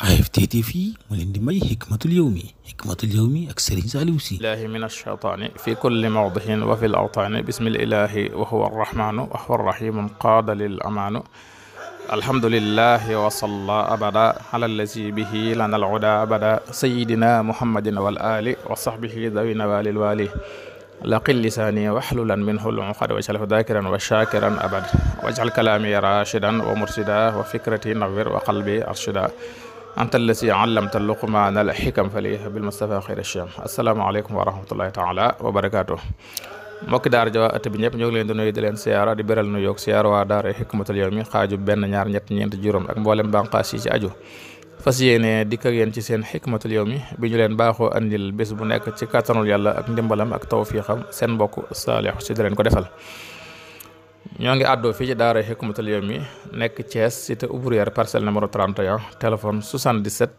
AFT TV mu leen di may xikmatul yawmi xikmatul yawmi ak Serigne Saliou Sy illahi min alcheytaani fi kulli mawdihin wa fi l awtaani bismillahi wa huwa arrahmanu wa huwa arrahimu qaada lil amaanu alhamdulillahi wa salla abada ala allazi bihi lana al uda abada sayidina muhammadin wal ali wa sahbihi dawi nawalil wali laqil lisaani waxlulan minhu lumuqad wajal dakiran wa shakiran abad wajal kalaami rashidan wa mursida wa fikrati nawir wa qalbi arshida anta allasi allamta luqmaana a xikam fa liha bil mustafa xayr asham asalaamaaleykum wa rahmatullahi taala wa barakaatu mbokki daara ja waa bi ñëpp ñoo ngi leen di nuyu di leen siyaara di beral nuyoo siyaara waa daara xikmatul yawmi xaaju benn ñaar ñett ñeent juróom ak mboolem bànqaas yi ci aju fas yéene dikk ak ci seen xikmatul yawmi bi ñu leen baaxoo andil bés bu nekk ci kàttanul yalla ak ndimbalam ak tawfiixam seen mbokk saalix si di leen ko defal ñoo ngi àddoo fii ci daara Hikmatul Yawmi nekk Thiès cité ouvrière parcelle numéro 31 téléphone 77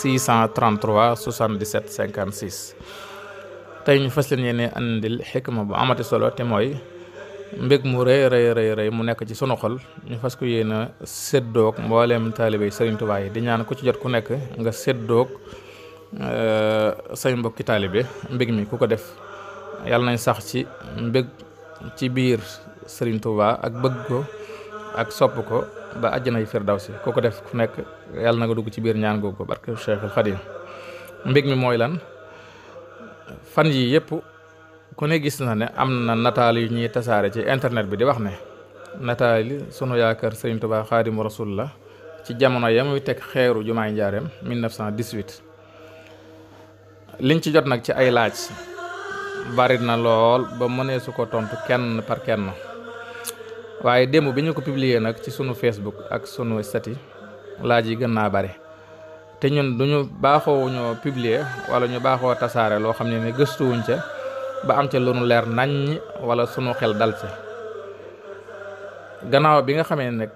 633 77 56 tey ñu fas leen yéene andil xikma bu amati solo te mooy mbég mu rëy rëy rëy rëy mu nekk ci sunu xol ñu fas ko yéene séddoog mbooleem taalibé Sëriñ Tuubaa yi di ñaan ku ci jot ku nekk nga séddoog euh, say mbokki taalibe mbég mi ku ko def yàlla nañ sax ci mbég ci biir Serigne Touba ak bëgg ko ak sopp ko ba àjjanay firdawsi ku ko def ku nekk yàlla na nga dugg ci biir ñaan googu barke Cheikhul Khadim mbég mi mooy lan fan yi yëpp ku ne gis na ne am na nataal yu ñuy tasaare ci internet bi di wax ne nataal yi sunu yaakaar Serigne Touba Xaadimu Rasul la ci jamono ya muy teg xeeru jumaay njaareem 1918 liñ ci jot nag ci ay laaj bari na lool ba mënee su ko tontu kenn par kenn. waaye démb bi ñu ko publier nag ci sunu Facebook ak sunu statut laaj yi gën naa bare te ñun duñu baaxoo ñoo publier wala ñu baaxoo tasaare loo xam ne ne gëstuwuñ ca ba am ca lu leer naññ wala sunu xel dal ca gannaaw bi nga xamee nag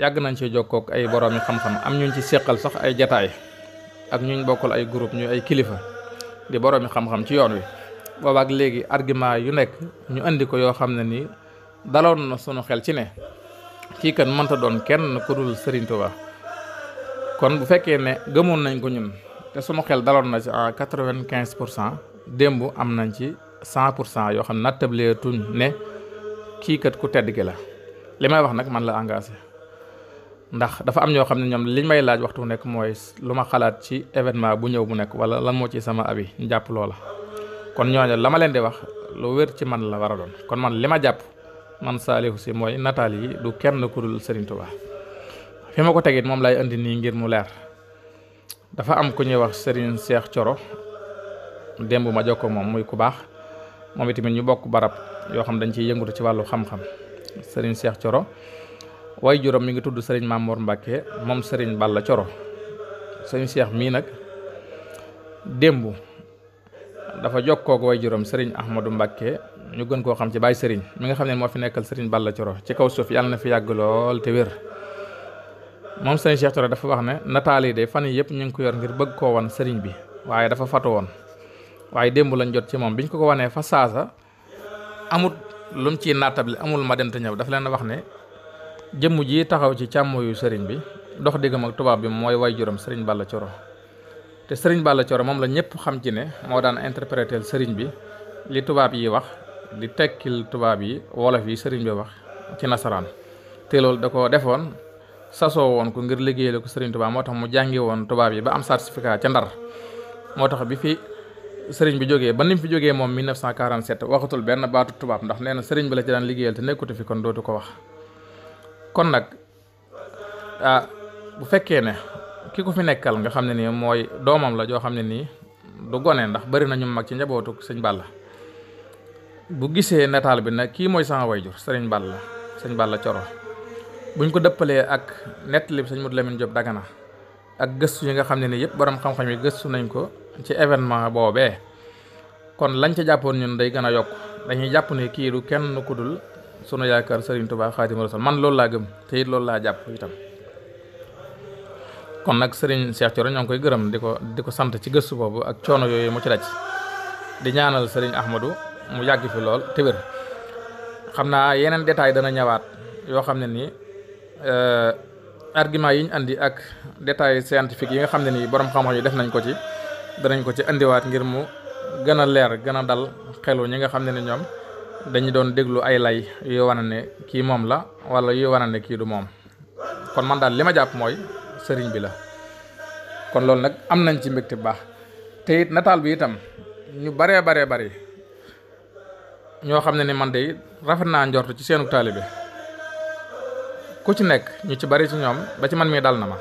yàgg nañ ci jokkook ay boroomi xam-xam am ñu ci séqal sax ay jataay ak ñuñ bokkal ay groupe ñu ay kilifa di boroomi xam-xam ci yoon wi boobaak léegi argument yu nekk ñu indi ko yoo xam ne nii daloon na sunu xel ci ne kii kan mënta doon kenn ku dul Serigne Touba kon bu fekkee ne gëmoon nañ ko ñun te sunu xel daloon na ci en quatre-vingt-quinze pour cent démb am nañ ci cent pour cent yoo xam ne nattableetuñ ne kii kat ku tedd ki la li may wax nag man la engagé ndax dafa am ñoo xam ne ñoom li may laaj waxtu nekk mooy lu ma xalaat ci événement bu ñëw bu nekk wala lan moo ci sama abi ñu jàpp loola kon ñooñu la ma leen di wax lu wér ci man la war a doon kon man man saalihu si mooy nataal yi du kenn ku dul Serigne Touba fi ma ko tegit moom laay indi nii ngir mu leer dafa am ku ñuy wax Serigne seex coro démb ma jokkoo moom muy ku baax moom itamit ñu bokk barab yoo xam dañ ciy yëngatu ci wàllu xam-xam Serigne Cheikh Thioro way juróom mi ngi tudd Serigne Mamour Mbacke moom sëriñ Balla Thioro Serigne seex mii nag démb. dafa jokkoog way juróom sëriñ Ahmadou Mbacke ñu gën koo xam ci baay sëriñ mi nga xam ne moo fi nekkal sëriñ Balla Coro ci kaw suuf yàlla na fi yàgg lool te wér moom sëriñ Cheikh Coro dafa wax ne nataal yi de fan yii yëpp ñu ngi ko yor ngir bëgg ko wan sëriñ bi waaye dafa fatu woon waaye démb lañ jot ci moom biñ ko ko wanee fa saasa amut lum ciy naatable amul ma dem te ñëw dafa leen wax ne jëmm jii taxaw ci càmm yu sëriñ bi dox diggam ak tubaab bi mooy way juróom sëriñ Balla Coro te sëriñ Balla Thioro moom la ñëpp xam ci ne moo daan interpréter sëriñ bi li tubaab yi wax di tekkil tubaab yi wolof yi sëriñ bi wax ci nasaraan te loolu da ko defoon sasoo woon ko ngir liggéeyal ko sëriñ tubaab moo tax mu jàngi tubaab yi ba am certificat ca ndar moo tax bi fi sëriñ bi jógee ba nu mu fi jógee moom 1947 waxatul benn baatu tubaab ndax nee na sëriñ bi la ci daan liggéeyal te nekkutu fi kon dootu ko wax kon nag ah, bu fekkee ne ki ku fi nekkal nga xam ne nii mooy doomam la joo xam ne nii du gone ndax bari nañu mag ci njabootu sëñ Balla bu gisee nataal bi nag kii mooy sama wayjur sëriñ Balla sëñ Balla Coro buñ ko dëppalee ak nettali bi sëñ Modou Lamine Diop Dagana ak gëstu yi nga xam ne nii yëpp borom xam-xam yi gëstu nañ ko ci événement boobee kon lañ ca jàppoon ñun day gën a yokk dañuy jàpp ni kii du kenn ku dul sunu yaakaar sëriñ Touba Xaadimu Rasuul man loolu laa gëm te loolu laa jàpp itam. kon nag sëriñ Cheikh Thioro ñoo ngi koy gërëm di ko di ko sant ci gëstu boobu ak coono yooyu mu ci daj di ñaanal sëriñ Ahmadou mu yàgg fi lool te xam naa yeneen détail dana ñëwaat yoo xam ne nii euh, argument yi ñu andi ak détail scientifique yi nga xam ne nii borom xam-xam yi def nañ ko ci danañ ko ci indiwaat ngir mu gën a leer gën a dal xelu ñi nga xam ne ni ñoom dañu doon déglu ay lay yuy wane ne kii moom la wala yuy wane ne kii du moom kon man daal li ma jàpp mooy. sëriñ bi la kon loolu nag am nañ ci mbégte baax te it nataal bi itam ñu baree baree bari ñoo xam ne ni man de rafet naa njort ci seenu taalibe ku ci nekk ñu ci bari ci ñoom ba ci man mii dal na ma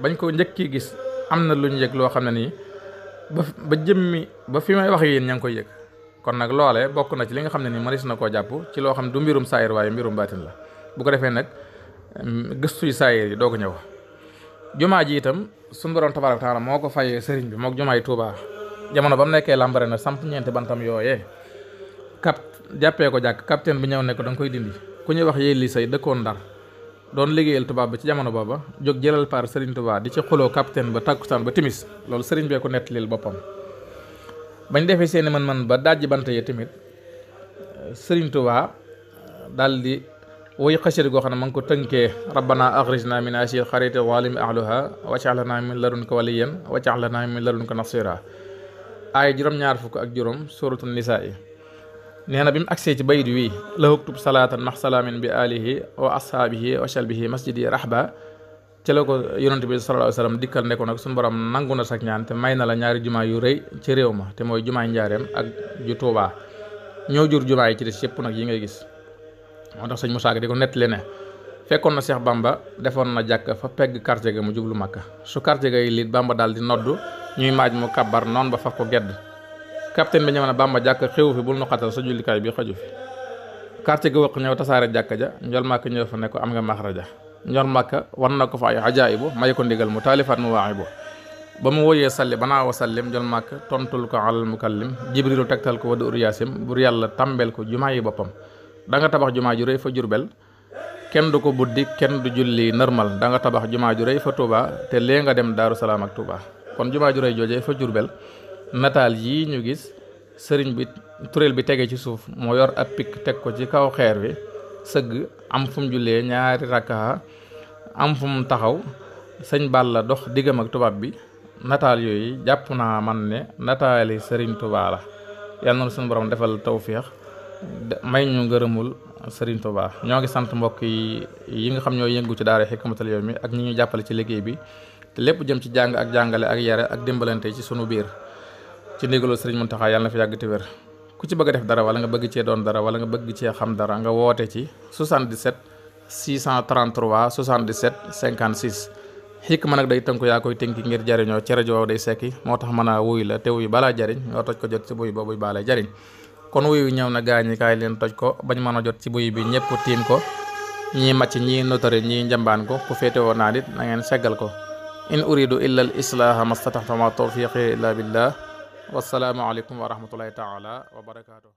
bañ ko njëkki gis am na lu ñu yëg loo xam ne nii ba ba jëmmi ba fi may wax yéen ña ngi yëg kon nag loole bokk na ci li nga xam ne nii mënees na koo jàpp ci loo xam ne du mbirum saayir waaye mbirum baatin la bu ko defee nag mm, gëstuy saayir yi doo ko ñëw jumaa ji itam suñu borom tabaaraka taala moo ko fayee sëriñ bi mook jumaay Tuubaa jamono ba mu nekkee lambare na samp ñeenti bantam yooyee kap jàppee ko jàkk capitaine bi ñëw ne danga koy dindi ku ñuy wax yéeli say dëkkoon ndar doon liggéeyal tubaab bi ci jamono booba jóg jëlal par sëriñ tubaa di ci xuloo capitaine ba tàkkusaan ba timis loolu sëriñ bee ko nettalil boppam bañ defee seeni mën-mën ba dajji bant yi tamit sëriñ Tuubaa daal woy xasida goo xam ne ma ngi ko tënkee rabbana axrijna min asir xariti zalimi ahluha waj'alna min ladunka waliyan waj'alna min ladunka nasira aaya juróom-ñaar fukk ak juróom suratu nisa yi nee na bi mu agsee ci bayit wi la huktub salaatan max salaamin bi alihi wa ashaabihi wa shalbihi masjidi rahba ci la ko yonent bi sallallahu alayhi dikkal ne nag suñu borom nangu na sak ñaan te may na la ñaari jumaa yu rëy ci réew ma te mooy jumaay njaareem ak ju tuubaa ñoo jur jumaa yi ci des yëpp nag yi ngay gis moo tax sëñ Moussa Ka di ko nettali ne fekkoon na Cheikh Bamba defoon na jàkk fa pegg quartier ga mu jublu Makka su quartier ga yi liit Bamba daal di noddu ñuy maaj mu kabar noon ba fa ko gedd capitaine bi ñëw na Bamba jàkk xewu fi bul nu xatal sa jullikaay bi xaju fi quartier ga wëq ñëw tasaare jàkk ja njol Makka ñëw fa ne ko am nga maxraja njol Makka war na ko fa ay ajaayibu may ko ndigal mu taalifaat mu waayibu ba mu wooyee salli banaa wa sallim jol màkk tontul ko alal mukallim jibrilu tegtal ko wadu ur yaasim bur yàlla tàmbel ko jumaa yi boppam danga tabax jumaa ju fa Jurbel kenn du ko buddi kenn du julli normal da nga tabax jumaa ju rëy fa Touba te lee nga dem Daaru Salaam ak Touba kon jumaa ju rëy joojee fa Jurbel nataal yii ñu gis sëriñ bi tureel bi tege ci suuf moo yor ab pikk teg ko ci kaw xeer wi sëgg am fu jullee ñaari rakkaa am fu taxaw sëñ Balla dox diggam ak tubaab bi nataal yooyu jàpp naa man ne nataali sëriñ Touba la yàlla na suñu borom defal tawféex may ñu ngërëmul Serigne Touba ñoo ngi sant mbokk yi yi nga xam ñoo yëngu ci daara Hikmatul Yawmi ak ñu ñu jàppale ci liggéey bi te lépp jëm ci jàng ak jàngale ak yare ak dimbalante ci sunu biir ci ndigalul mun Mountakha yàlla na fi yàgg te wér ku ci bëgg a def dara wala nga bëgg cee doon dara wala nga bëgg cee xam dara nga woote ci 77 633 77 56 Hikma nag day tënku yaa koy tënki ngir jariñoo ci rajo day sekki moo tax mën a wuy la te wuy balaa jariñ nga toj ko jot ci buy boobuy baa jariñ kon wuyu ñëw na gaañi kaay leen toj ko bañ mën a jot ci buy bi ñëpp tiim ko ñii macc ñii notari ñii njambaan ko ku féete woon naa nit na ngeen seggal ko in uridu illa al islaaha mastataxtama tawfiqi illa billah wasalaamu aleykum wa rahmatullahi taala wa barakaatu